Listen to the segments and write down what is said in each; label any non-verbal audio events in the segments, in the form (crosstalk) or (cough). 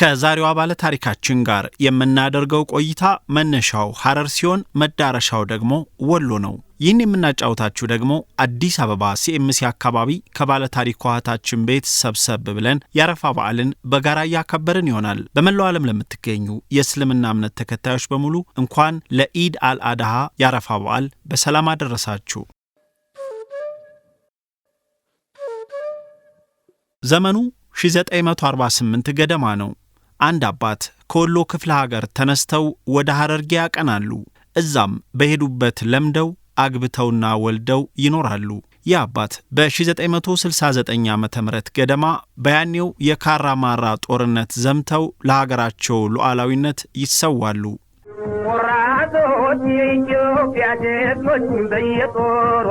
ከዛሬዋ ባለ ታሪካችን ጋር የምናደርገው ቆይታ መነሻው ሐረር ሲሆን መዳረሻው ደግሞ ወሎ ነው። ይህን የምናጫውታችሁ ደግሞ አዲስ አበባ ሲኤምሲ አካባቢ ከባለ ታሪክ እህታችን ቤት ሰብሰብ ብለን የአረፋ በዓልን በጋራ እያከበርን ይሆናል። በመላው ዓለም ለምትገኙ የእስልምና እምነት ተከታዮች በሙሉ እንኳን ለኢድ አልአድሃ የአረፋ በዓል በሰላም አደረሳችሁ። ዘመኑ 1948 ገደማ ነው። አንድ አባት ከወሎ ክፍለ ሀገር ተነስተው ወደ ሐረርጌ ያቀናሉ። እዛም በሄዱበት ለምደው አግብተውና ወልደው ይኖራሉ። ይህ አባት በ1969 ዓ ም ገደማ በያኔው የካራ ማራ ጦርነት ዘምተው ለሀገራቸው ሉዓላዊነት ይሰዋሉ። ወራቶች የኢትዮጵያ ጀግኖች በየጦሩ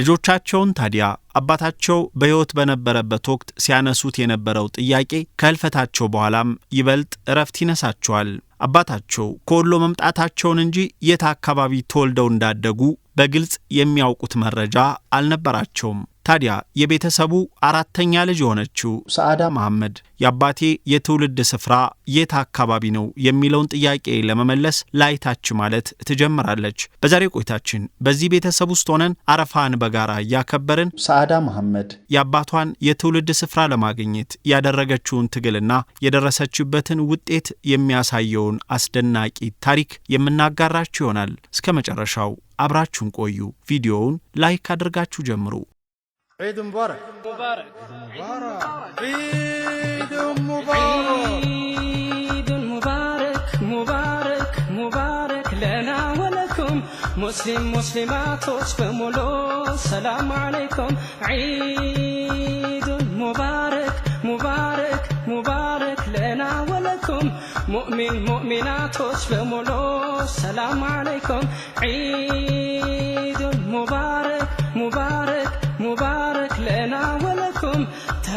ልጆቻቸውን ታዲያ አባታቸው በሕይወት በነበረበት ወቅት ሲያነሱት የነበረው ጥያቄ ከህልፈታቸው በኋላም ይበልጥ እረፍት ይነሳቸዋል። አባታቸው ከወሎ መምጣታቸውን እንጂ የት አካባቢ ተወልደው እንዳደጉ በግልጽ የሚያውቁት መረጃ አልነበራቸውም። ታዲያ የቤተሰቡ አራተኛ ልጅ የሆነችው ሰዓዳ መሐመድ የአባቴ የትውልድ ስፍራ የት አካባቢ ነው የሚለውን ጥያቄ ለመመለስ ላይታች ማለት ትጀምራለች። በዛሬው ቆይታችን በዚህ ቤተሰብ ውስጥ ሆነን አረፋን በጋራ እያከበርን ሰአዳ መሐመድ የአባቷን የትውልድ ስፍራ ለማግኘት ያደረገችውን ትግልና የደረሰችበትን ውጤት የሚያሳየውን አስደናቂ ታሪክ የምናጋራችሁ ይሆናል። እስከ መጨረሻው አብራችሁን ቆዩ። ቪዲዮውን ላይክ አድርጋችሁ ጀምሩ። عيد مبارك مبارك مبارك عيد مبارك عيد مبارك مبارك مبارك لنا ولكم مسلم مسلمات له سلام عليكم عيد مبارك مبارك مبارك لنا ولكم مؤمن مؤمنات له سلام عليكم عيد مبارك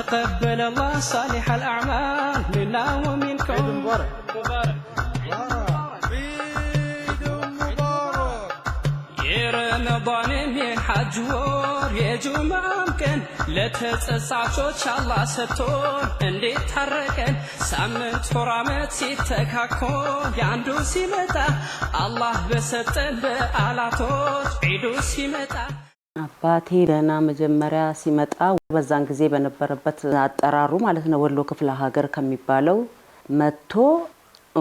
تقبل الله صالح الأعمال منا ومنكم عيد مبارك مبارك عيد مبارك يا رمضان من حج ወር የጁማም ቀን ለተጸጻቾች አላህ ሰጥቶን እንዴት ታረቀን ሳምንት ወር ዓመት ሲተካኮ ያንዱ ሲመጣ አላህ በሰጠን በዓላቶች ዒዱ ሲመጣ አባቴ ገና መጀመሪያ ሲመጣ በዛን ጊዜ በነበረበት አጠራሩ ማለት ነው ወሎ ክፍለ ሀገር ከሚባለው መጥቶ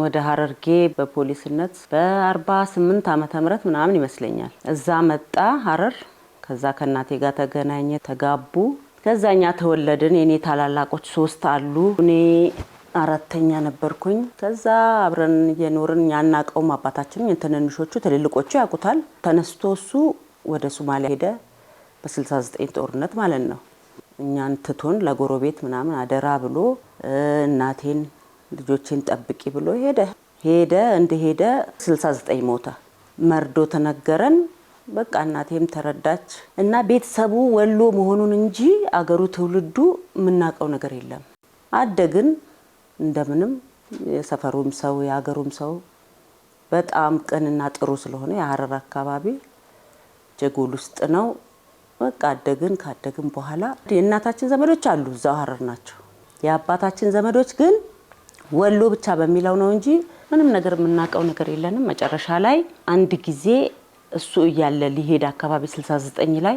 ወደ ሀረርጌ በፖሊስነት በ48 ዓመተ ምህረት ምናምን ይመስለኛል። እዛ መጣ ሀረር። ከዛ ከእናቴ ጋር ተገናኘ፣ ተጋቡ። ከዛኛ ተወለድን። የኔ ታላላቆች ሶስት አሉ፣ እኔ አራተኛ ነበርኩኝ። ከዛ አብረን እየኖርን ያናቀውም አባታችንም ትንንሾቹ ትልልቆቹ ያውቁታል። ተነስቶ እሱ ወደ ሶማሊያ ሄደ በ69 ጦርነት ማለት ነው። እኛን ትቶን ለጎረቤት ምናምን አደራ ብሎ እናቴን ልጆቼን ጠብቂ ብሎ ሄደ። ሄደ እንደሄደ 69 ሞተ። መርዶ ተነገረን። በቃ እናቴም ተረዳች እና ቤተሰቡ ወሎ መሆኑን እንጂ አገሩ ትውልዱ የምናውቀው ነገር የለም። አደግን እንደምንም የሰፈሩም ሰው የሀገሩም ሰው በጣም ቅንና ጥሩ ስለሆነ የሀረር አካባቢ ጀጎል ውስጥ ነው። በቃ አደግን። ካደግን በኋላ የእናታችን ዘመዶች አሉ እዛው ሀረር ናቸው። የአባታችን ዘመዶች ግን ወሎ ብቻ በሚለው ነው እንጂ ምንም ነገር የምናውቀው ነገር የለንም። መጨረሻ ላይ አንድ ጊዜ እሱ እያለ ሊሄድ አካባቢ 69 ላይ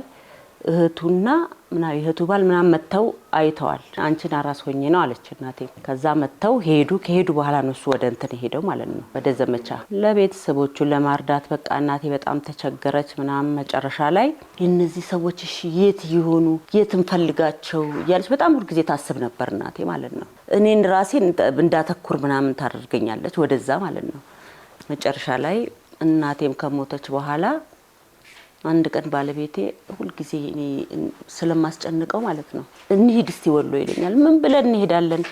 እህቱና ምና እህቱ ባል ምናምን መጥተው አይተዋል። አንቺን አራስ ሆኜ ነው አለች እናቴ። ከዛ መጥተው ሄዱ። ከሄዱ በኋላ ነው እሱ ወደ እንትን ሄደው ማለት ነው ወደ ዘመቻ ለቤተሰቦቹ ለማርዳት በቃ እናቴ በጣም ተቸገረች ምናምን። መጨረሻ ላይ እነዚህ ሰዎች እሺ የት ይሆኑ የት እንፈልጋቸው እያለች በጣም ሁልጊዜ ታስብ ነበር እናቴ ማለት ነው። እኔን ራሴን እንዳተኩር ምናምን ታደርገኛለች ወደዛ ማለት ነው። መጨረሻ ላይ እናቴም ከሞተች በኋላ አንድ ቀን ባለቤቴ ሁልጊዜ እኔ ስለማስጨንቀው ማለት ነው እንሂድ እስቲ ወሎ ይለኛል። ምን ብለን እንሄዳለን?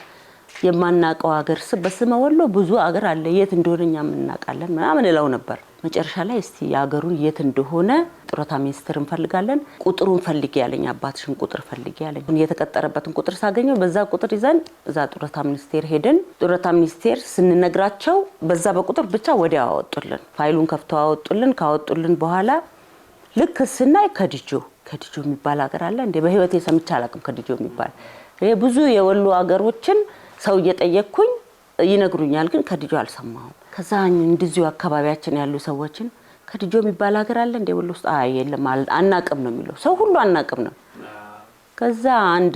የማናቀው ሀገር በስመ ወሎ ብዙ ሀገር አለ፣ የት እንደሆነ እኛ የምናውቃለን ምናምን እለው ነበር። መጨረሻ ላይ እስቲ የሀገሩን የት እንደሆነ ጡረታ ሚኒስትር እንፈልጋለን፣ ቁጥሩን ፈልጊ ያለኝ፣ አባትሽን ቁጥር ፈልጊ ያለኝ። የተቀጠረበትን ቁጥር ሳገኘው በዛ ቁጥር ይዘን እዛ ጡረታ ሚኒስቴር ሄድን። ጡረታ ሚኒስቴር ስንነግራቸው በዛ በቁጥር ብቻ ወዲያ አወጡልን፣ ፋይሉን ከፍተው አወጡልን። ካወጡልን በኋላ ልክ ስናይ ከድጆ ከድጆ የሚባል ሀገር አለ እንዴ? በህይወቴ ሰምቼ አላውቅም። ከድጆ የሚባል ብዙ የወሎ ሀገሮችን ሰው እየጠየቅኩኝ ይነግሩኛል፣ ግን ከድጆ አልሰማሁም። ከዛ እንድዚሁ አካባቢያችን ያሉ ሰዎችን ከድጆ የሚባል ሀገር አለ እንዴ ወሎ ውስጥ? አይ የለም አናቅም ነው የሚለው ሰው ሁሉ አናቅም ነው። ከዛ አንድ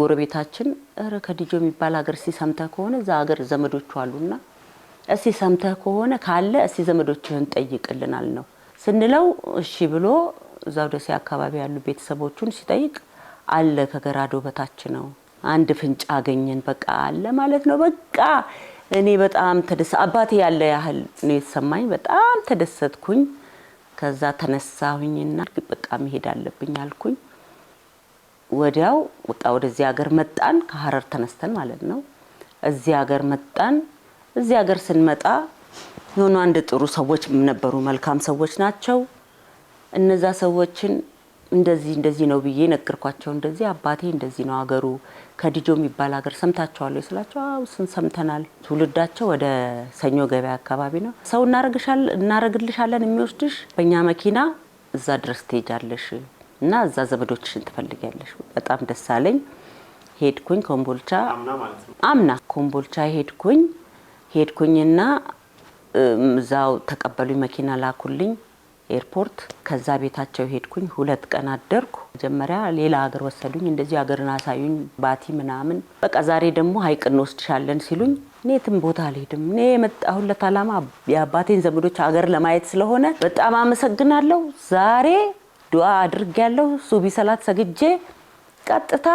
ጎረቤታችን ኧረ ከድጆ የሚባል ሀገር እስቲ ሰምተህ ከሆነ እዛ ሀገር ዘመዶቹ አሉና እስቲ ሰምተህ ከሆነ ካለ እስቲ ዘመዶችህን ጠይቅልናል ነው ስንለው እሺ ብሎ እዛው ደሴ አካባቢ ያሉ ቤተሰቦቹን ሲጠይቅ አለ ከገራዶ በታች ነው። አንድ ፍንጭ አገኘን። በቃ አለ ማለት ነው። በቃ እኔ በጣም ተደሰ አባቴ ያለ ያህል ነው የተሰማኝ። በጣም ተደሰትኩኝ። ከዛ ተነሳሁኝና በቃ መሄድ አለብኝ አልኩኝ። ወዲያው በቃ ወደዚህ ሀገር መጣን። ከሀረር ተነስተን ማለት ነው። እዚህ ሀገር መጣን። እዚህ ሀገር ስንመጣ የሆኑ አንድ ጥሩ ሰዎች ነበሩ፣ መልካም ሰዎች ናቸው። እነዛ ሰዎችን እንደዚህ እንደዚህ ነው ብዬ ነገርኳቸው። እንደዚህ አባቴ እንደዚህ ነው አገሩ ከዲጆ የሚባል ሀገር ሰምታቸዋለሁ ስላቸው፣ አዎ እሱን ሰምተናል። ትውልዳቸው ወደ ሰኞ ገበያ አካባቢ ነው። ሰው እናረግልሻለን የሚወስድሽ በእኛ መኪና እዛ ድረስ ትሄጃለሽ እና እዛ ዘመዶችሽን ትፈልጊያለሽ። በጣም ደስ አለኝ። ሄድኩኝ ኮምቦልቻ፣ አምና ኮምቦልቻ ሄድኩኝ ሄድኩኝና እዛው ተቀበሉኝ፣ መኪና ላኩልኝ ኤርፖርት። ከዛ ቤታቸው ሄድኩኝ፣ ሁለት ቀን አደርኩ። መጀመሪያ ሌላ ሀገር ወሰዱኝ፣ እንደዚህ ሀገርን አሳዩኝ፣ ባቲ ምናምን። በቃ ዛሬ ደግሞ ሀይቅ እንወስድሻለን ሲሉኝ እኔ የትም ቦታ አልሄድም። እኔ የመጣሁለት ዓላማ የአባቴን ዘመዶች ሀገር ለማየት ስለሆነ በጣም አመሰግናለሁ። ዛሬ አድርግ ያለው ሱቢ ሰላት ሰግጄ ቀጥታ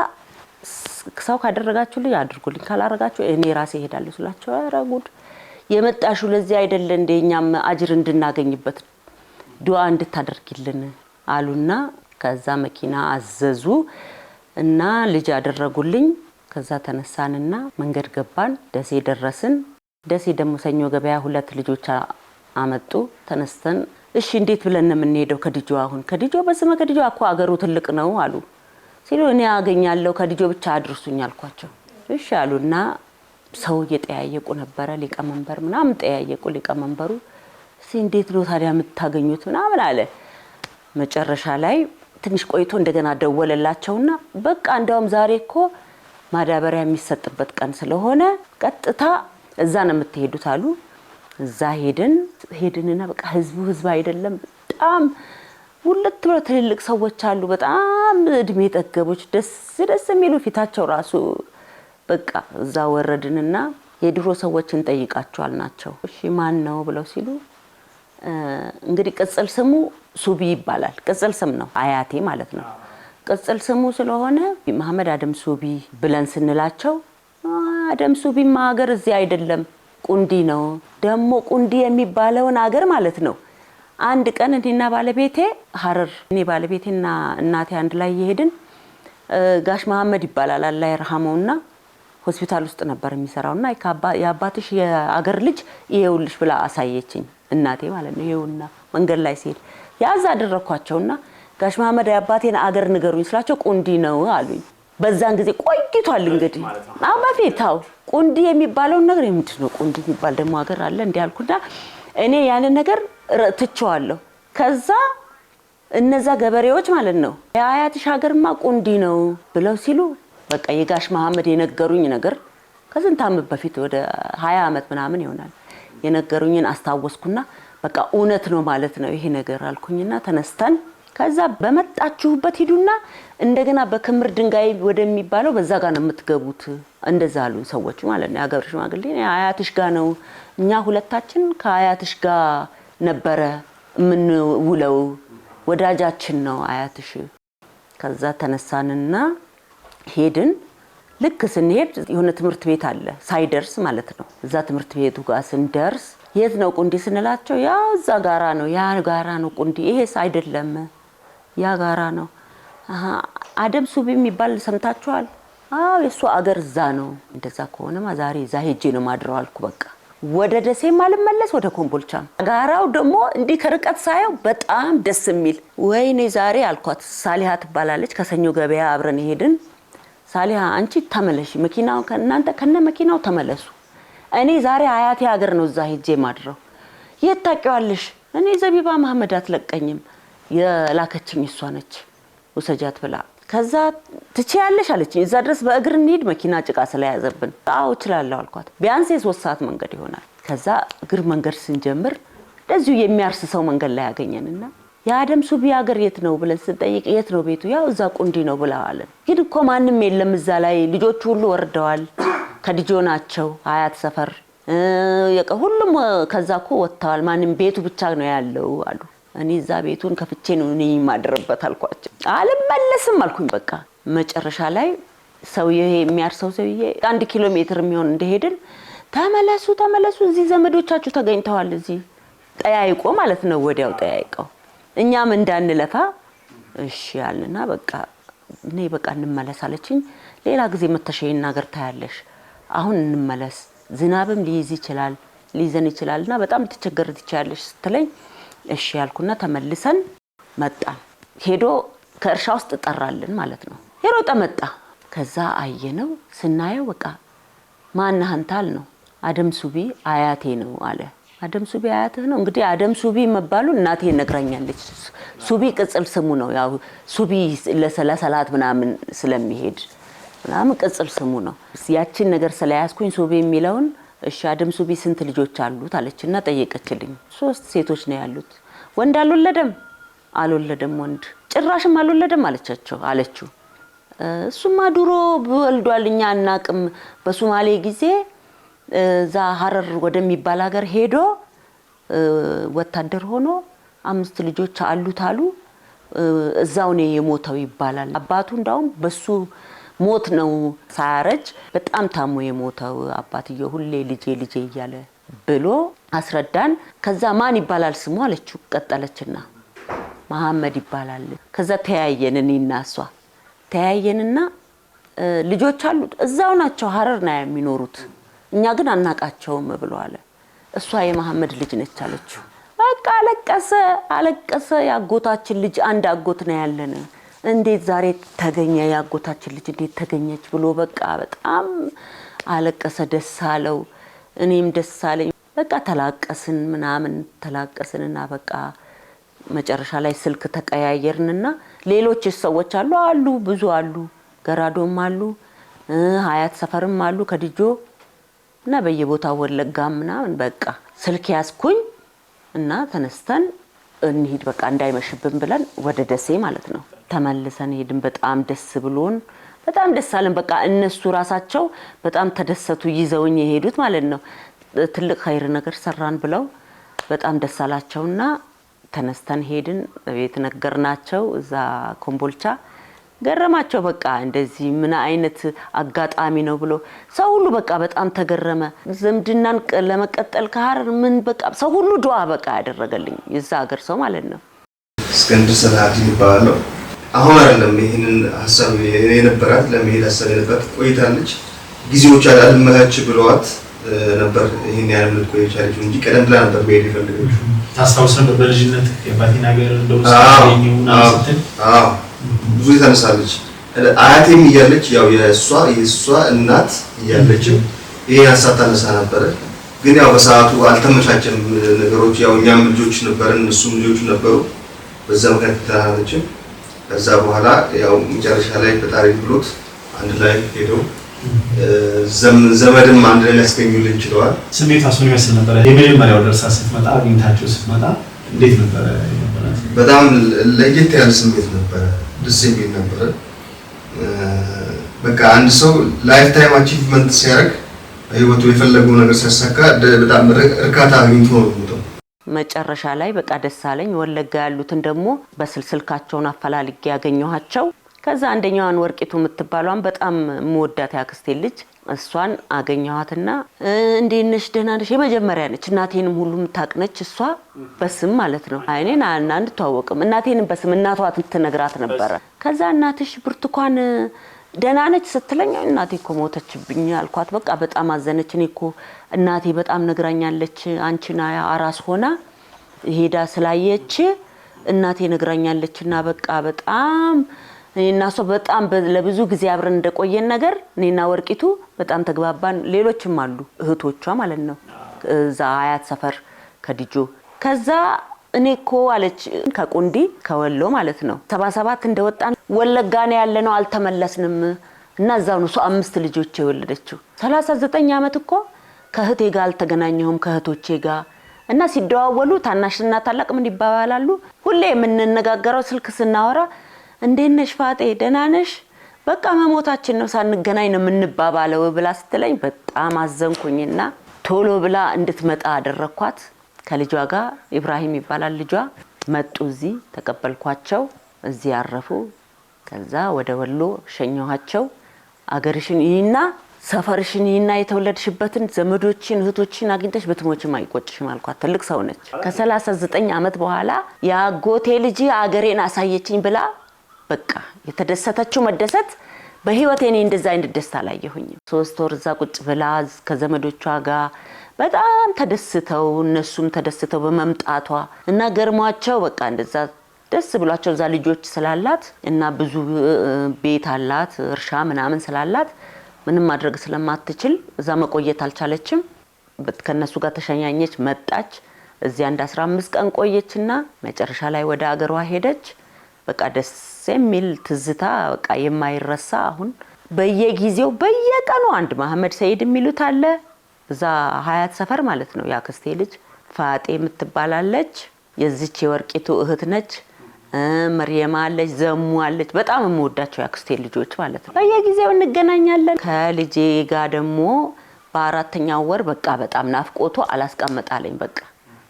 ሰው ካደረጋችሁልኝ አድርጉልኝ፣ ካላረጋችሁ እኔ ራሴ እሄዳለሁ ስላቸው ኧረ ጉድ የመጣሹ ለዚህ አይደለ እንደ እኛም አጅር እንድናገኝበት ነው፣ ዱዓ አሉና ከዛ መኪና አዘዙ እና ልጅ አደረጉልኝ። ከዛ ተነሳንና መንገድ ገባን። ደሴ ደረስን። ደሴ ደግሞ ሰኞ ገበያ ሁለት ልጆች አመጡ። ተነስተን እሺ እንዴት ብለን ነው የምንሄደው? ከድጆ አሁን ከድጆ በስመ ከድጆ እኮ አገሩ ትልቅ ነው አሉ ሲሉ እኔ አገኛለሁ ከድጆ ብቻ አድርሱኝ አልኳቸው። እሺ አሉና ሰው እየጠያየቁ ነበረ። ሊቀመንበር ምናምን ጠያየቁ። ሊቀመንበሩ እንዴት ነው ታዲያ የምታገኙት ምናምን አለ። መጨረሻ ላይ ትንሽ ቆይቶ እንደገና ደወለላቸውና በቃ እንዲያውም ዛሬ እኮ ማዳበሪያ የሚሰጥበት ቀን ስለሆነ ቀጥታ እዛ ነው የምትሄዱት አሉ። እዛ ሄድን ሄድንና በቃ ህዝቡ ህዝብ አይደለም። በጣም ሁለት ብሎ ትልልቅ ሰዎች አሉ። በጣም እድሜ ጠገቦች ደስ ደስ የሚሉ ፊታቸው ራሱ በቃ እዛ ወረድንና የድሮ ሰዎችን ጠይቃቸዋል ናቸው። እሺ ማን ነው ብለው ሲሉ እንግዲህ ቅጽል ስሙ ሱቢ ይባላል። ቅጽል ስም ነው አያቴ ማለት ነው። ቅጽል ስሙ ስለሆነ መሐመድ አደም ሱቢ ብለን ስንላቸው አደም ሱቢማ ሀገር እዚህ አይደለም ቁንዲ ነው። ደግሞ ቁንዲ የሚባለውን አገር ማለት ነው። አንድ ቀን እኔና ባለቤቴ ሀረር እኔ ባለቤቴና እናቴ አንድ ላይ የሄድን ጋሽ መሐመድ ይባላል አላህ ይርሃመውና ሆስፒታል ውስጥ ነበር የሚሰራው እና የአባትሽ የአገር ልጅ ይሄውልሽ ብላ አሳየችኝ እናቴ ማለት ነው። ይሄውና መንገድ ላይ ሲሄድ ያዝ አደረግኳቸውና ጋሽ መሐመድ የአባቴን አገር ንገሩኝ ስላቸው ቁንዲ ነው አሉኝ። በዛን ጊዜ ቆይቷል እንግዲህ ታው ቁንዲ የሚባለውን ነገር የምንድን ነው ቁንዲ የሚባል ደግሞ ሀገር አለ እንዲህ አልኩና እኔ ያንን ነገር ትቸዋለሁ። ከዛ እነዛ ገበሬዎች ማለት ነው የአያትሽ ሀገርማ ቁንዲ ነው ብለው ሲሉ በቃ የጋሽ መሐመድ የነገሩኝ ነገር ከስንት ዓመት በፊት ወደ ሀያ ዓመት ምናምን ይሆናል የነገሩኝን አስታወስኩና በቃ እውነት ነው ማለት ነው ይሄ ነገር አልኩኝና ተነስተን ከዛ በመጣችሁበት ሂዱና እንደገና በክምር ድንጋይ ወደሚባለው በዛ ጋር ነው የምትገቡት። እንደዛ አሉ ሰዎች ማለት ነው። ያገር ሽማግሌ አያትሽ ጋ ነው እኛ ሁለታችን ከአያትሽ ጋ ነበረ የምንውለው፣ ወዳጃችን ነው አያትሽ። ከዛ ተነሳንና ሄድን። ልክ ስንሄድ የሆነ ትምህርት ቤት አለ ሳይደርስ ማለት ነው። እዛ ትምህርት ቤቱ ጋር ስንደርስ የት ነው ቁንዲ ስንላቸው፣ ያ እዛ ጋራ ነው፣ ያ ጋራ ነው ቁንዲ፣ ይሄስ አይደለም፣ ያ ጋራ ነው። አደም ሱቢ የሚባል ሰምታችኋል? አዎ፣ የእሱ አገር እዛ ነው። እንደዛ ከሆነማ ዛሬ እዛ ሄጄ ነው ማድረው አልኩ። በቃ ወደ ደሴም አልመለስ ወደ ኮምቦልቻም። ጋራው ደግሞ እንዲህ ከርቀት ሳየው በጣም ደስ የሚል ወይኔ ዛሬ አልኳት። ሳሊሃ ትባላለች። ከሰኞ ገበያ አብረን ሄድን። ሳሊሃ አንቺ ተመለሽ፣ መኪናው ከእናንተ ከነ መኪናው ተመለሱ። እኔ ዛሬ አያቴ ሀገር ነው እዛ ሄጄ ማድረው። የት ታውቂዋለሽ? እኔ ዘቢባ መሀመድ አትለቀኝም፣ የላከችኝ እሷ ነች ውሰጃት ብላ። ከዛ ትችያለሽ አለችኝ። እዛ ድረስ በእግር እንሂድ መኪና ጭቃ ስለያዘብን። አዎ እችላለሁ አልኳት። ቢያንስ የሶስት ሰዓት መንገድ ይሆናል። ከዛ እግር መንገድ ስንጀምር እንደዚሁ የሚያርስ ሰው መንገድ ላይ ያገኘንና የአደም ሱቢ ሀገር የት ነው ብለን ስንጠይቅ የት ነው ቤቱ? ያው እዛ ቁንዲ ነው ብለዋለን። ግን እኮ ማንም የለም እዛ ላይ ልጆቹ ሁሉ ወርደዋል። (clears throat) ከድጆ ናቸው አያት ሰፈር ሁሉም ከዛ እኮ ወጥተዋል። ማንም ቤቱ ብቻ ነው ያለው አሉ። እኔ እዛ ቤቱን ከፍቼ ነው እኔ የማድረበት አልኳቸው። አልመለስም አልኩኝ። በቃ መጨረሻ ላይ ሰውዬ የሚያርሰው ሰውዬ አንድ ኪሎ ሜትር የሚሆን እንደሄድን ተመለሱ፣ ተመለሱ፣ እዚህ ዘመዶቻችሁ ተገኝተዋል፣ እዚህ ጠያይቆ ማለት ነው። ወዲያው ጠያይቀው እኛም እንዳንለፋ እሺ ያልና በቃ እኔ በቃ እንመለስ አለችኝ። ሌላ ጊዜ መተሽ ነገር ታያለሽ፣ አሁን እንመለስ፣ ዝናብም ሊይዝ ይችላል ሊይዘን ይችላል እና በጣም ትቸገር ትችያለሽ ስትለኝ እሺ ያልኩና ተመልሰን መጣ። ሄዶ ከእርሻ ውስጥ ጠራልን ማለት ነው። የሮጠ መጣ። ከዛ አየነው። ስናየው በቃ ማን አንተ አልነው። አደም ሱቢ አያቴ ነው አለ አደም ሱቢ አያትህ ነው እንግዲህ። አደም ሱቢ መባሉ እናቴ ነግራኛለች ሱቢ ቅጽል ስሙ ነው። ያው ሱቢ ለሰላት ምናምን ስለሚሄድ ምናምን ቅጽል ስሙ ነው። ያችን ነገር ስለያዝኩኝ ሱቢ የሚለውን እሺ፣ አደም ሱቢ ስንት ልጆች አሉት አለችና ጠየቀችልኝ። ሶስት ሴቶች ነው ያሉት። ወንድ አልወለደም አልወለደም፣ ወንድ ጭራሽም አልወለደም አለቻቸው አለችው። እሱማ ድሮ ወልዷል፣ እኛ አናቅም በሱማሌ ጊዜ እዛ ሀረር ወደሚባል ሀገር ሄዶ ወታደር ሆኖ አምስት ልጆች አሉት አሉ። እዛው ነው የሞተው ይባላል። አባቱ እንዳውም በሱ ሞት ነው ሳያረጅ በጣም ታሞ የሞተው አባትየው ሁሌ ልጄ ልጄ እያለ ብሎ አስረዳን። ከዛ ማን ይባላል ስሙ አለችው። ቀጠለችና መሐመድ ይባላል። ከዛ ተያየን፣ እኔና እሷ ተያየንና ልጆች አሉት እዛው ናቸው ሀረር ነው የሚኖሩት እኛ ግን አናቃቸውም ብሎ አለ። እሷ የመሐመድ ልጅ ነች አለችው። በቃ አለቀሰ አለቀሰ። የአጎታችን ልጅ አንድ አጎት ነው ያለን፣ እንዴት ዛሬ ተገኘ? የአጎታችን ልጅ እንዴት ተገኘች? ብሎ በቃ በጣም አለቀሰ። ደስ አለው፣ እኔም ደስ አለኝ። በቃ ተላቀስን ምናምን ተላቀስንና በቃ መጨረሻ ላይ ስልክ ተቀያየርንና ሌሎች ሰዎች አሉ አሉ ብዙ አሉ፣ ገራዶም አሉ፣ ሀያት ሰፈርም አሉ ከድጆ እና በየቦታው ወለጋ ምናምን በቃ ስልክ ያዝኩኝ እና ተነስተን እንሂድ በቃ እንዳይመሽብን ብለን ወደ ደሴ ማለት ነው ተመልሰን ሄድን። በጣም ደስ ብሎን በጣም ደስ አለን። በቃ እነሱ ራሳቸው በጣም ተደሰቱ፣ ይዘውኝ የሄዱት ማለት ነው። ትልቅ ኸይር ነገር ሰራን ብለው በጣም ደስ አላቸውና ተነስተን ሄድን። ቤት ነገር ናቸው እዛ ኮምቦልቻ ገረማቸው። በቃ እንደዚህ ምን አይነት አጋጣሚ ነው ብሎ ሰው ሁሉ በቃ በጣም ተገረመ። ዝምድናን ለመቀጠል ከሀረር ምን በቃ ሰው ሁሉ ድዋ በቃ ያደረገልኝ የዛ ሀገር ሰው ማለት ነው። እስክንድር ሰላዲን ይባላለሁ። አሁን አይደለም ይህንን ሀሳብ የነበራት ለመሄድ ሀሳብ የነበራት ቆይታለች። ጊዜዎች አላልመች ብለዋት ነበር ይህን ያለም ልትቆይ የቻለችው እንጂ ቀደም ብላ ነበር መሄድ የፈለገችው። ታስታውስ ነበር በልጅነት የአባቴን ሀገር እንደውስ ስትል ብዙ የተነሳለች አያቴም እያለች ያው የእሷ የእሷ እናት እያለችም ይሄ ሀሳብ ታነሳ ነበረ። ግን ያው በሰዓቱ አልተመቻቸም ነገሮች። ያው እኛም ልጆች ነበርን፣ እሱም ልጆች ነበሩ። በዛ ምክንያት ተናናችም። ከዛ በኋላ ያው መጨረሻ ላይ ፈጣሪ ብሎት አንድ ላይ ሄደው ዘመድም አንድ ላይ ሊያስገኙልን ችለዋል። ስሜት አሱን ይመስል ነበረ። የመጀመሪያው ደርሳ ስትመጣ አግኝታቸው ስትመጣ እንዴት ነበረ? በጣም ለየት ያለ ስሜት ነበረ። ደስ የሚል ነበረ። በቃ አንድ ሰው ላይፍ ታይም አቺቭመንት ሲያደርግ የፈለገው ነገር ሲያሳካ በጣም እርካታ አግኝቶ ነው። መጨረሻ ላይ በቃ ደስ አለኝ። ወለጋ ያሉትን ደግሞ በስልስልካቸውን አፈላልጌ ያገኘኋቸው። ከዛ አንደኛዋን ወርቂቱ የምትባሏን በጣም የምወዳት ያክስቴ ልጅ እሷን አገኘኋትና እንዴት ነሽ ደህና ነሽ? የመጀመሪያ ነች። እናቴንም ሁሉ ነች እሷ በስም ማለት ነው። አይኔን እና እንድትዋወቅም እናቴንም በስም እናቷ ትነግራት ነበረ። ከዛ እናትሽ ብርቱካን ደህና ነች ስትለኝ እናቴ እኮ ሞተችብኝ አልኳት። በቃ በጣም አዘነች። እኔ እኮ እናቴ በጣም ነግራኛለች፣ አንቺን አራስ ሆና ሄዳ ስላየች እናቴ ነግራኛለች እና በቃ በጣም እኔና እሷ በጣም ለብዙ ጊዜ አብረን እንደቆየን ነገር እኔና ወርቂቱ በጣም ተግባባን። ሌሎችም አሉ እህቶቿ ማለት ነው እዛ አያት ሰፈር ከድጆ ከዛ እኔ እኮ አለች ከቁንዲ ከወሎ ማለት ነው ሰባ ሰባት እንደወጣን ወለጋኔ ያለ ነው አልተመለስንም እና እዛው ነው እሷ አምስት ልጆች የወለደችው። ሰላሳ ዘጠኝ ዓመት እኮ ከእህቴ ጋር አልተገናኘሁም ከእህቶቼ ጋር እና ሲደዋወሉ ታናሽና ታላቅ ምን ይባባላሉ። ሁሌ የምንነጋገረው ስልክ ስናወራ እንዴት ነሽ ፋጤ ደህና ነሽ? በቃ መሞታችን ነው ሳንገናኝ ነው የምንባባለው ብላ ስትለኝ በጣም አዘንኩኝና ቶሎ ብላ እንድትመጣ አደረግኳት። ከልጇ ጋር ኢብራሂም ይባላል ልጇ። መጡ እዚህ ተቀበልኳቸው። እዚህ ያረፉ። ከዛ ወደ ወሎ ሸኘኋቸው። አገርሽን ይህና ሰፈርሽን ይህና የተወለድሽበትን ዘመዶችን እህቶችን አግኝተሽ ብትሞችም አይቆጭሽም አልኳት። ትልቅ ሰው ነች። ከ39 ዓመት በኋላ የአጎቴ ልጅ አገሬን አሳየችኝ ብላ በቃ የተደሰተችው መደሰት በህይወት እኔ እንደዛ አይነት ደስታ አላየሁኝም። ሶስት ወር እዛ ቁጭ ብላ ከዘመዶቿ ጋር በጣም ተደስተው እነሱም ተደስተው በመምጣቷ እና ገርሟቸው በቃ እንደዛ ደስ ብሏቸው እዛ ልጆች ስላላት እና ብዙ ቤት አላት እርሻ ምናምን ስላላት ምንም ማድረግ ስለማትችል እዛ መቆየት አልቻለችም። ከእነሱ ጋር ተሸኛኘች፣ መጣች። እዚህ አንድ አምስት ቀን ቆየችና መጨረሻ ላይ ወደ አገሯ ሄደች። በቃ ደስ የሚል ትዝታ በቃ የማይረሳ አሁን በየጊዜው በየቀኑ አንድ መሀመድ ሰይድ የሚሉት አለ። እዛ ሀያት ሰፈር ማለት ነው። የአክስቴ ልጅ ፋጤ የምትባላለች የዚች የወርቂቱ እህት ነች። መርየማ አለች፣ ዘሙ አለች። በጣም የምወዳቸው የአክስቴ ልጆች ማለት ነው። በየጊዜው እንገናኛለን። ከልጄ ጋር ደግሞ በአራተኛው ወር በቃ በጣም ናፍቆቶ አላስቀመጣለኝ። በቃ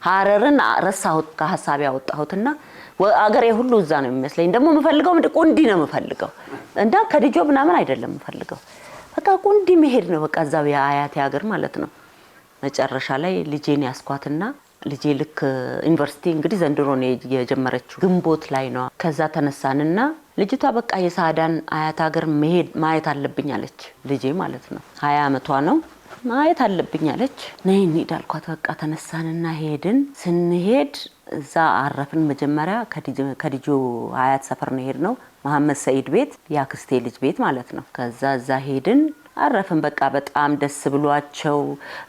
ሀረርን ረሳሁት ከሀሳቢ ያወጣሁትና አገሬ ሁሉ እዛ ነው የሚመስለኝ። ደግሞ የምፈልገው ምንድን ቁንዲ ነው የምፈልገው እና ከድጆ ምናምን አይደለም የምፈልገው። በቃ ቁንዲ መሄድ ነው በቃ እዛው የአያቴ ሀገር ማለት ነው። መጨረሻ ላይ ልጄን ያስኳትና ልጄ ልክ ዩኒቨርሲቲ እንግዲህ ዘንድሮ ነው የጀመረችው፣ ግንቦት ላይ ነው። ከዛ ተነሳንና ልጅቷ በቃ የሳዳን አያት ሀገር መሄድ ማየት አለብኝ አለች። ልጄ ማለት ነው ሀያ አመቷ ነው። ማየት አለብኝ አለች። ነይ እንሂድ አልኳት። በቃ ተነሳንና ሄድን። ስንሄድ እዛ አረፍን። መጀመሪያ ከልጁ ሀያት ሰፈር ነው የሄድነው፣ መሐመድ ሰኢድ ቤት የአክስቴ ልጅ ቤት ማለት ነው። ከዛ እዛ ሄድን አረፍን። በቃ በጣም ደስ ብሏቸው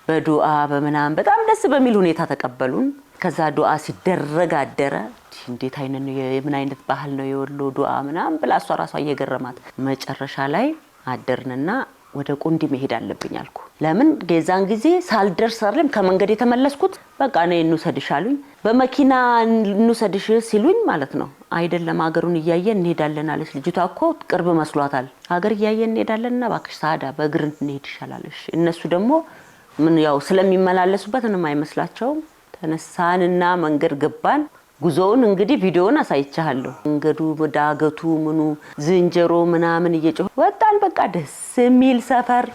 በዱአ በምናምን በጣም ደስ በሚል ሁኔታ ተቀበሉን። ከዛ ዱአ ሲደረግ አደረ። እንዴት አይነት የምን አይነት ባህል ነው የወሎ ዱአ ምናምን ብላ እሷ ራሷ እየገረማት መጨረሻ ላይ አደርንና ወደ ቁንዲ መሄድ አለብኝ አልኩ። ለምን የዛን ጊዜ ሳልደርስ አለም ከመንገድ የተመለስኩት። በቃ እኔ እንውሰድሽ አሉኝ። በመኪና እንውሰድሽ ሲሉኝ ማለት ነው አይደለም ሀገሩን እያየን እንሄዳለን አለች። ልጅቷ እኮ ቅርብ መስሏታል። ሀገር እያየን እንሄዳለን ና እባክሽ ሳዳ በእግር እንሄድ ይሻላል። እነሱ ደግሞ ምን ያው ስለሚመላለሱበት ምንም አይመስላቸውም። ተነሳንና መንገድ ገባን። ጉዞውን እንግዲህ ቪዲዮውን አሳይቻለሁ። መንገዱ ዳገቱ ምኑ ዝንጀሮ ምናምን እየጮህ ወጣን። በቃ ደስ የሚል ሰፈር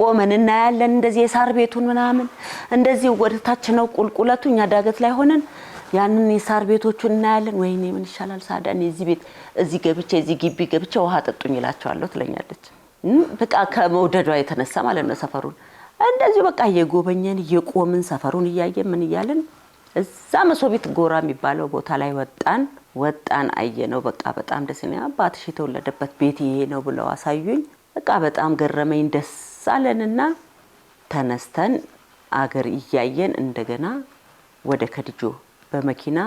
ቆመን እናያለን። እንደዚህ የሳር ቤቱን ምናምን እንደዚህ ወደታች ነው ቁልቁለቱ። እኛ ዳገት ላይ ሆነን ያንን የሳር ቤቶቹን እናያለን። ወይኔ ምን ይሻላል ሳዳ፣ እኔ እዚህ ቤት እዚህ ገብቼ እዚህ ግቢ ገብቼ ውሃ ጠጡኝ ይላቸዋለሁ ትለኛለች። በቃ ከመውደዷ የተነሳ ማለት ነው ሰፈሩን እንደዚሁ በቃ እየጎበኘን እየቆምን ሰፈሩን እያየን ምን እያለን እዛ መሶቢት ጎራ የሚባለው ቦታ ላይ ወጣን። ወጣን ወጣን ነው በቃ በጣም ደስ አባትሽ የተወለደበት ቤት ይሄ ነው ብለው አሳዩኝ። በቃ በጣም ገረመኝ ደስ አለንና ተነስተን አገር እያየን እንደገና ወደ ከድጆ በመኪና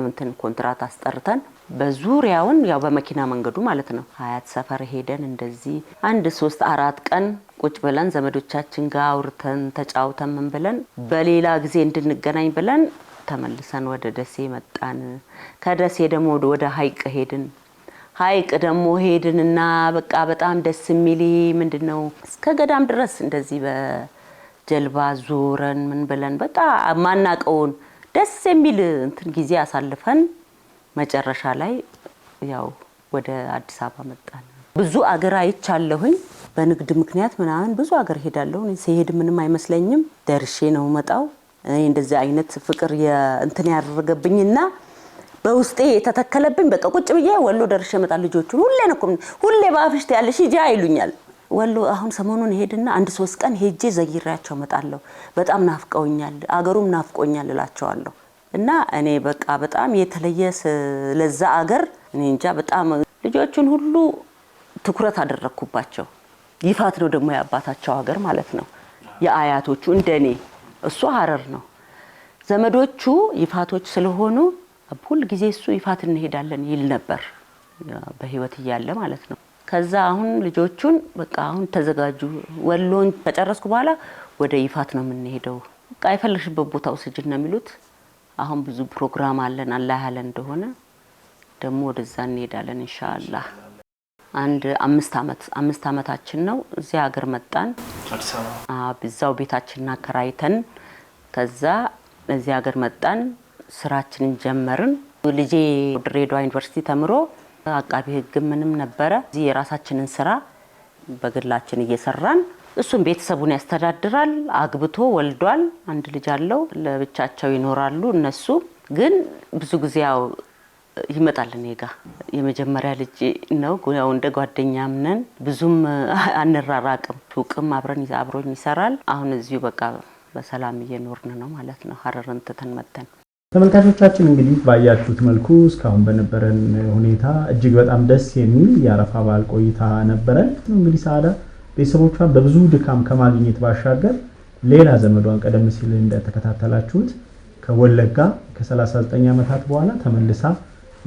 እንትን ኮንትራት አስጠርተን በዙሪያውን ያው በመኪና መንገዱ ማለት ነው ሀያት ሰፈር ሄደን እንደዚህ አንድ ሶስት አራት ቀን ቁጭ ብለን ዘመዶቻችን ጋር አውርተን ተጫውተን ምን ብለን በሌላ ጊዜ እንድንገናኝ ብለን ተመልሰን ወደ ደሴ መጣን። ከደሴ ደግሞ ወደ ሀይቅ ሄድን። ሀይቅ ደግሞ ሄድንና በቃ በጣም ደስ የሚል ምንድን ነው እስከ ገዳም ድረስ እንደዚህ በጀልባ ዞረን ምን ብለን በቃ ማናቀውን ደስ የሚል እንትን ጊዜ አሳልፈን መጨረሻ ላይ ያው ወደ አዲስ አበባ መጣን። ብዙ አገር አይቻለሁኝ። በንግድ ምክንያት ምናምን ብዙ አገር ሄዳለሁ። ሲሄድ ምንም አይመስለኝም፣ ደርሼ ነው መጣው። እኔ እንደዚህ አይነት ፍቅር እንትን ያደረገብኝና በውስጤ የተተከለብኝ በቃ ቁጭ ብዬ ወሎ ደርሼ እመጣለሁ። ልጆቹን ሁሌ ነው ሁሌ በአፍሽ ትያለሽ ሂጂ ይሉኛል። ወሎ አሁን ሰሞኑን ሄድና አንድ ሶስት ቀን ሄጄ ዘይሬያቸው እመጣለሁ። በጣም ናፍቀውኛል፣ አገሩም ናፍቆኛል እላቸዋለሁ። እና እኔ በቃ በጣም የተለየ ለዛ አገር እኔ እንጃ በጣም ልጆቹን ሁሉ ትኩረት አደረግኩባቸው። ይፋት ነው ደግሞ የአባታቸው ሀገር ማለት ነው። የአያቶቹ እንደኔ እሱ ሀረር ነው። ዘመዶቹ ይፋቶች ስለሆኑ ሁል ጊዜ እሱ ይፋት እንሄዳለን ይል ነበር በህይወት እያለ ማለት ነው። ከዛ አሁን ልጆቹን በቃ አሁን ተዘጋጁ፣ ወሎን ከጨረስኩ በኋላ ወደ ይፋት ነው የምንሄደው፣ በቃ የፈለግሽበት ቦታ ውሰጅን ነው የሚሉት። አሁን ብዙ ፕሮግራም አለን አላ ያለ እንደሆነ ደግሞ ወደዛ እንሄዳለን እንሻላ። አንድ አምስት አመት አምስት አመታችን ነው። እዚህ ሀገር መጣን። ብዛው አከራይተን ከዛ እዚህ ሀገር መጣን። ስራችንን ጀመርን። ልጄ ድሬዳዋ ዩኒቨርሲቲ ተምሮ አቃቢ ህግ ምንም ነበረ። እዚህ የራሳችንን ስራ በግላችን እየሰራን እሱም ቤተሰቡን ያስተዳድራል። አግብቶ ወልዷል። አንድ ልጅ አለው። ለብቻቸው ይኖራሉ። እነሱ ግን ብዙ ጊዜ ያው ይመጣል እኔ ጋ የመጀመሪያ ልጅ ነው። ያው እንደ ጓደኛም ነን፣ ብዙም አንራራቅም። ሱቅም አብረን አብሮኝ ይሰራል። አሁን እዚሁ በቃ በሰላም እየኖርን ነው ማለት ነው። ሀረርን ትተን መተን ተመልካቾቻችን እንግዲህ ባያችሁት መልኩ እስካሁን በነበረን ሁኔታ እጅግ በጣም ደስ የሚል የአረፋ በዓል ቆይታ ነበረን። እንግዲህ ሰዓዳ ቤተሰቦቿን በብዙ ድካም ከማግኘት ባሻገር ሌላ ዘመዷን ቀደም ሲል እንደተከታተላችሁት ከወለጋ ከ39 ዓመታት በኋላ ተመልሳ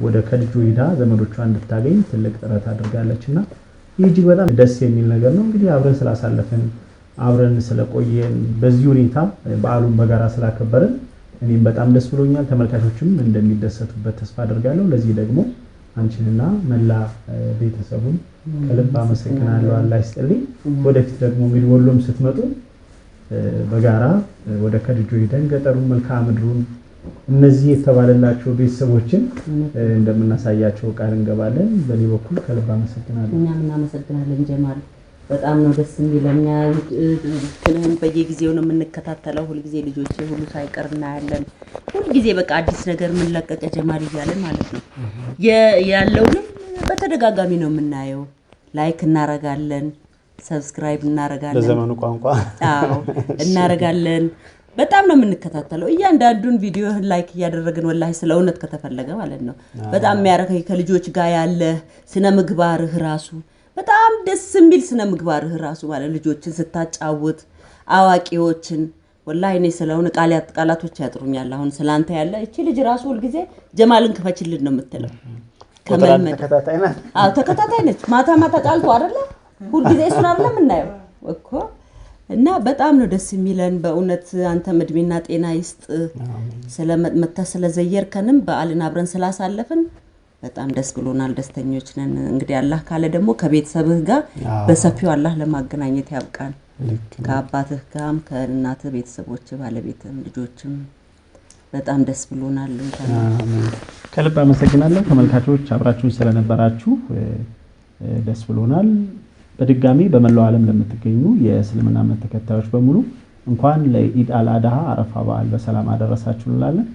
ወደ ከልጁ ሂዳ ዘመዶቿን እንድታገኝ ትልቅ ጥረት አድርጋለች እና ይህ እጅግ በጣም ደስ የሚል ነገር ነው። እንግዲህ አብረን ስላሳለፍን አብረን ስለቆየን በዚህ ሁኔታ በዓሉን በጋራ ስላከበርን እኔም በጣም ደስ ብሎኛል። ተመልካቾችም እንደሚደሰቱበት ተስፋ አድርጋለሁ። ለዚህ ደግሞ አንቺንና መላ ቤተሰቡን ከልብ አመሰግናለሁ። አላህ ይስጥልኝ። ወደፊት ደግሞ እንግዲህ ወሎም ስትመጡ በጋራ ወደ ከድጆ ሂደን ገጠሩን መልክዓ ምድሩን እነዚህ የተባለላቸው ቤተሰቦችን እንደምናሳያቸው ቃል እንገባለን። በእኔ በኩል ከልብ አመሰግናለሁ። እኛም እናመሰግናለን ጀማል። በጣም ነው ደስ የሚለን። ትምህርትህን በየጊዜው ነው የምንከታተለው። ሁልጊዜ ልጆች ሁሉ ሳይቀር እናያለን። ሁልጊዜ በቃ አዲስ ነገር የምንለቀቀ ጀማሪ እያለ ማለት ነው ያለውንም በተደጋጋሚ ነው የምናየው። ላይክ እናረጋለን፣ ሰብስክራይብ እናረጋለን፣ በዘመኑ ቋንቋ እናረጋለን። በጣም ነው የምንከታተለው እያንዳንዱን ቪዲዮ ላይክ እያደረግን ወላሂ ስለ እውነት ከተፈለገ ማለት ነው። በጣም የሚያረከኝ ከልጆች ጋር ያለ ስነ ምግባርህ ራሱ በጣም ደስ የሚል ስነ ምግባርህ ራሱ ማለት ልጆችን ስታጫውት አዋቂዎችን ወላሂ እኔ ስለሆነ ቃላቶች ያጥሩኛል። አሁን ስላንተ ያለ እቺ ልጅ ራሱ ሁልጊዜ ጀማልን ክፈችልን ነው የምትለው። ከመልመድ ተከታታይ ነች። ማታ ማታ ጫልቶ አደለ ሁልጊዜ እሱን አለ የምናየው እኮ እና በጣም ነው ደስ የሚለን በእውነት አንተም እድሜና ጤና ይስጥ ስለመታ ስለዘየርከንም በዓልን አብረን ስላሳለፍን በጣም ደስ ብሎናል፣ ደስተኞች ነን። እንግዲህ አላህ ካለ ደግሞ ከቤተሰብህ ጋር በሰፊው አላህ ለማገናኘት ያብቃን። ከአባትህ ጋርም ከእናትህ ቤተሰቦች፣ ባለቤትም፣ ልጆችም በጣም ደስ ብሎናል። ከልብ አመሰግናለሁ። ተመልካቾች አብራችሁን ስለነበራችሁ ደስ ብሎናል። በድጋሚ በመላው ዓለም ለምትገኙ የእስልምና እምነት ተከታዮች በሙሉ እንኳን ለኢድ አል አድሃ አረፋ በዓል በሰላም አደረሳችሁ እንላለን።